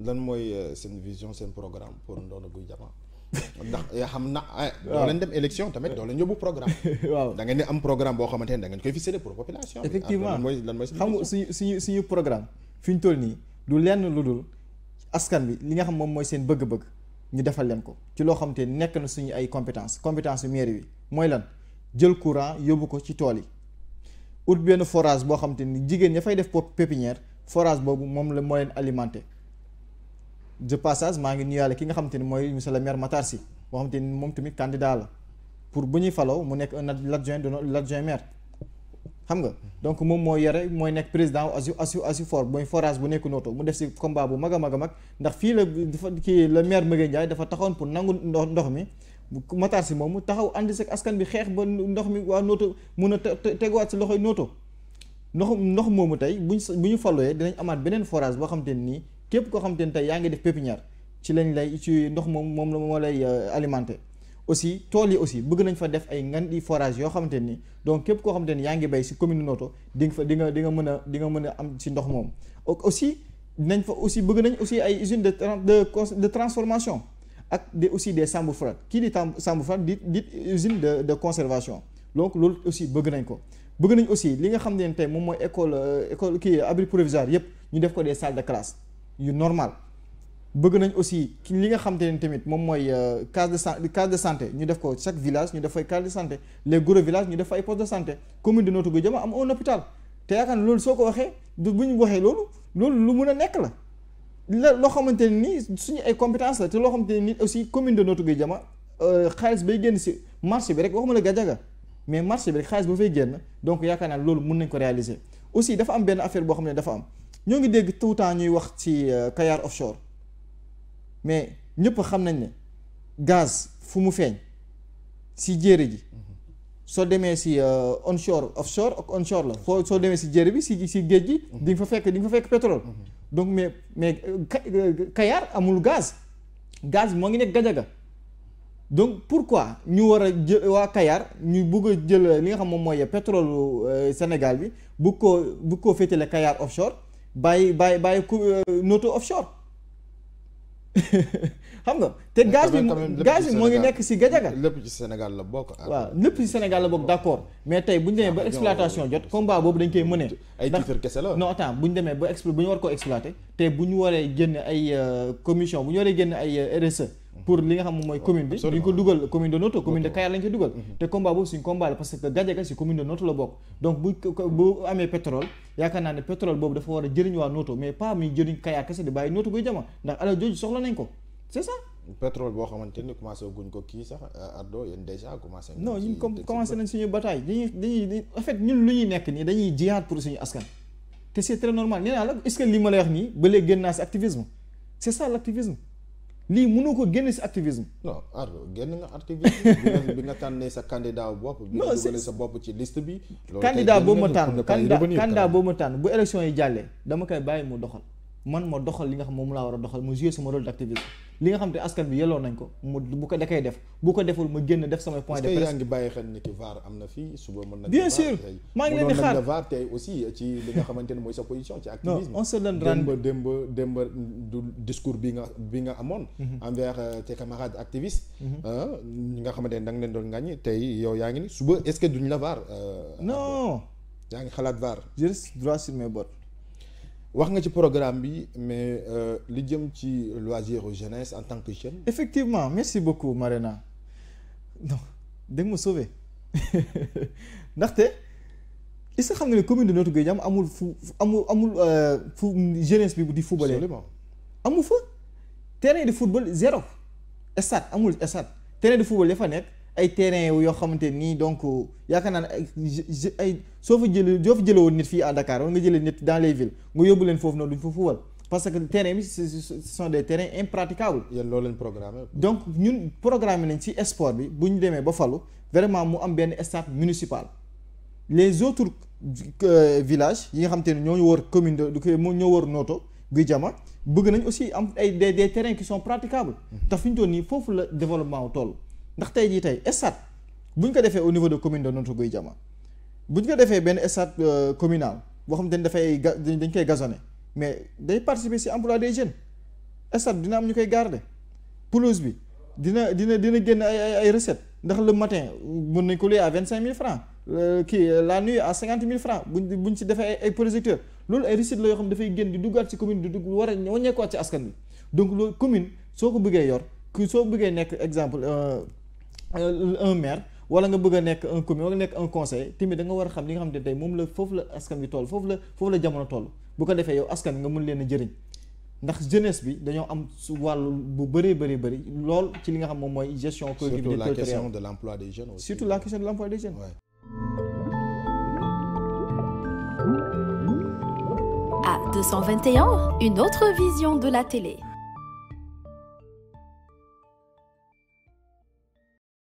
lan mooy euh, seen vision seen programme pour Ndono Gouye Diama ndax yaa xam na ah, doo leen dem élection tamit doo leen yóbbu programme waaw da ngeen ne am programme boo xamante ne da ngeen koy ficeler pour population effectivement ah, mooy lan mooy xam nga suñu suñu suñu programme fi ñu toll nii du lenn lu dul askan bi li nga xam moom mooy seen bëgg-bëgg ñu defal leen ko ci loo xam te nekk na suñu ay compétence compétence yu mairie bi mooy lan jël courant yóbbu ko ci tool yi ut benn forage boo xam te ni jigéen ña fay def pépinière forage boobu moom la moo leen je passage ma ngi nuyaale ki nga xamanteni moy monsieur le maire matarsi bo xamanteni mom ni tamit candidat la pour buñuy ñuy mu nek un adjoint de l'adjoint maire xam nga donc mom mo yore moy nek président asu asu asu fort moy forage bu nek noto mu def ci combat bu mag maga mag ndax fi la ki le maire magay ndjay dafa taxone pour nangul ndox mi matarsi mom mu taxaw andi sa askan bi xex ba ndox mi wa noto mu na teggu wat ci loxoy noto ndox ndox momu tay buñu buñu ñu dinañ amaat benen forage bo xamanteni ni képp koo xamante ne tey yaa ngi def pépinière ci lañ lay ci ndox moom moom moo lay euh, alimenté aussi tool yi aussi bëgg nañ fa def ay ngan di forage yoo xamante ni donc képp koo xamante ni yaa ngi bay si commune Noto di nga fa di nga di nga mën a di nga mën a am si ndox moom aussi dinañ fa aussi bëgg nañ aussi ay usine de de de transformation ak de aussi des sambufrat kii di tam sambufrat di di usine de de conservation donc loolu aussi bëgg nañ ko bëgg nañ aussi li nga xam ne tey moom mooy école euh, école kii abri provisoire yëpp ñu def ko des salles de classe yu normal bëgg nañ aussi ki li nga xam te ne tamit moom mooy euh, case de san case de santé ñu def ko chaque village ñu def fay case de santé les gros villages ñu def ay poste de santé commune de Notto Dioba am un hôpital te yaakaar ne loolu soo ko waxee du bu ñu waxee loolu loolu lu mun a nekk la la loo xamante ne nii suñu ay compétence la te loo xamante nii aussi commune de Notto Dioba euh, xaalis bay génn si marché bi rek waxuma la gajaga mais marché bi rek xaalis ba fay génn donc yaakaar naa loolu mun nañ ko réaliser aussi dafa am affaire boo xam ne dafa am ñoo ngi dégg tout temps ñuy wax ci euh, Kayar offshore mais ñëpp xam nañ ne gaz fu mu feeñ si jéere ji soo demee si euh, onshore offshore ak onshore la soo soo demee si jéere bi si si géej gi di nga fa fekk di nga fa fekk pétrole donc mais mais euh, Kayar amul gaz gaz bi moo ngi nekk Gajaga donc pourquoi ñu war a jël Kayar ñu bugg jël li nga xam moom mooy pétrole Sénégal bi bu ko bu koo féetale kayaar offshore bàyyi bàyyi bàyyi ku e, noto offshore xam nga te gaz bi gaz bi mo ngi nekk si Gajaga lepp ci Sénégal la bokk waaw lepp ci Sénégal la bokk d' accord mais tey buñ ñu demee ba exploitation jot combat boobu dañ koy mené ay titre kese la non attends buñ ñu demee ba explo buñ war ko exploiter te buñ ñu waree génn ay e, commission buñ ñu waree génn ay RSE e pour li nga xam moom mooy oh, commune bi duñ ko dugal commune de Noto commune de Kayar lañ ko dugal mm-hmm. te combat boobu suñ combat la parce que Gajaga si commune de Noto la bokk donc bu bu amee pétrole yaakaar naa ne pétrole boobu dafa war a jëriñ waa Noto mais pas muy jëriñ Kayar kese di bàyyi Noto buy jama ndax alal jooju soxla nañ ko c'est ça pétrole boo xamante ni commencé guñ ko kii sax euh, Ardo yéen déjà commencé non ñun comme commencé nañ suñu bataille dañuy dañuy en fait ñun lu ñuy nekk nii dañuy jihaad pour suñu askan te c'est très normal nee naa la est-ce que li ma lay wax nii ba léegi génn naa si activisme c'est ça l'activisme lii mënoo ko génn si activisme. non génn nga activisme bi nga tànnee sa candidat bopp. bi nga a sa bopp ci liste bi. loolu candidat boo ma tànn candidat boo ma tànn bu élection yi jàllee dama koy bàyyi mu doxal. man ma doxal li nga xam moom laa war a doxal ma jouer sama rôle d'activiste li nga xam te askan bi yelloo nañ ko mu bu ko da koy def bu ko deful ma génn def samay point de presse. est-ce que yaa ngi bàyyi xel ni ki am na fii suba mën na. bien sûr maa ngi tey aussi ci li nga xamante ne mooy sa position. ci activisme non on se donne rendez-vous bi nga bi nga amoon. Mhm. envers euh, tes camarades activistes. Mhm. Euh, ñi nga xamante ne da nga leen doon ŋàññi tey yow yaa ngi ni suba est-ce que duñ la VAR. Euh, non yaa ngi xalaat VAR. je reste droit sur mes wax nga ci programme mais mais euh, li jëm ci loisir jeunesse en tant que jeune. effectivement merci beaucoup Marina Non, tu ma sauvé ndaxte est-ce que xam nga commune de notre Gueye Jàmm amul amul amul euh, fu jeunesse bi di Absolument. amul fa terrain de football zéro stade amul stade terrain de football zéro fa ay terrain yo xamante ni donc euh, yakana naa ne ay soo jël jëlee soo fa jëlee nit fi à Dakar wala nga jël nit dans les villes nga yóbbu leen foofu noonu duñ fa fuwal parce que terrain mi ce sont des terrains impraticables. yéen lo leen programmer donc ñun programme nañ ci sport bi buñ démé ba falu vraiment mu am ben stade municipal les autres euh, villages yi nga xamante ñoo wër commune de ñoo wër Noto Guy Jama bëgg nañ aussi am ay des des terrains qui sont praticables. Mhm. te fi ñu toll nii le la développement toll ndax tey jii au niveau de commune de notre pays jama. buñ ko defee euh, communal boo xam mais day participer des jeunes dina bi dina dina dina le matin à vingt francs la nuit à cinquante mille francs buñ buñ ci defee projecteurs recettes la di commune a donc la commune si ko yor exemple euh, euh, un maire wala nga bëgg a nekk un commune wala nekk un conseil timi da nga wara xam li nga xam ne mom la fofu la askan bi toll fofu la fofu la jamono toll bu ko défé yow askan nga mën leen jëriñ ndax jeunesse bi dañoo am walu bu bëré bëré bëré lool ci li nga xam mom moy gestion collectivité surtout la question de l'emploi des jeunes aussi surtout la question de l'emploi des jeunes ouais. À 221, une autre vision de la télé.